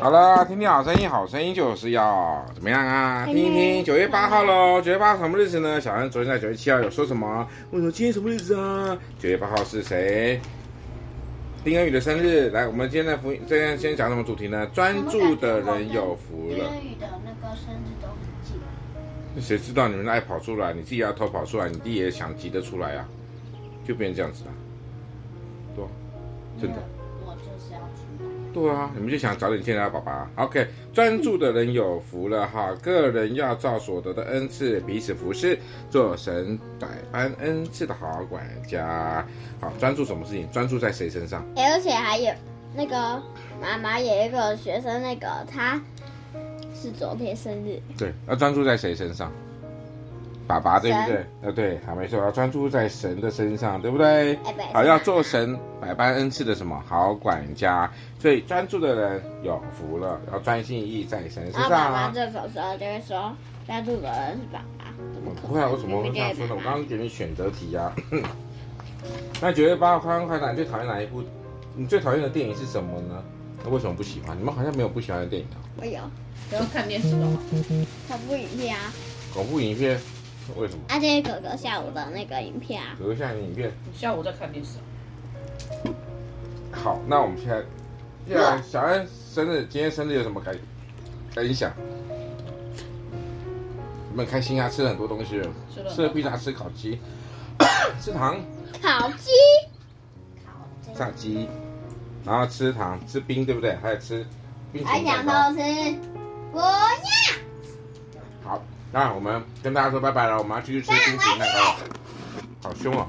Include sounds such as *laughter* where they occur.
好了，聽聽好聲音好，好聲音就是要怎麼樣啊？聽一聽九月八號嘍，九月八號什麼日子呢？小安昨天在九月七號有說什麼？問我今天什麼日子啊？九月八號是誰？丁恩宇的生日。來，我們今天的福，今天先講什麼主題呢？專注的人有福了。丁恩宇的那個生日都很緊。那誰知道你們愛跑出來？你自己要偷跑出來，你弟也想擠得出來啊。就變成這樣子了，對，真的。我就是要出來。對啊，你們就想早點見到寶寶。OK，專注的人有福了哈。個人要照所得的恩賜，彼此服侍，做神百般恩賜的好管家。好，專注什麼事情？專注在誰身上？而且還有那個媽媽有一個學生，那個他是昨天生日。對，要專注在誰身上？爸爸對不對？呃神、啊，對，還沒說要專注在神的身上，對不對？好、哎，要做神百般恩賜的什麼好管家。所以專注的人有福了，要專心意在神身上、啊這，啊、這首詩啊，就是說專注的人是爸爸。我不會，我怎麼我不會了？我剛剛給你選擇題呀、啊。那九月八號《快樂大本營》最討厭哪一部？你最討厭的電影是什麼呢？那為什麼不喜歡？你們好像沒有不喜歡的電影啊。我有，我要看電視哦。 *laughs* 恐怖影片啊？恐怖影片？為什麼？阿杰、啊、哥哥下午的那個影片啊？哥哥下午的影片，你下午在看電視、啊。好，那我們現在，小安生日，今天生日有什麼開分享？你們開心啊？吃了很多東西了，吃了披薩，吃烤雞， *coughs* 吃糖，烤雞雞，烤炸雞，然後吃糖，吃冰，對不對？還有吃冰，還想偷吃，我要。那我們跟大家說拜拜了，我們要繼續吃冰淇淋了啊！好兇哦。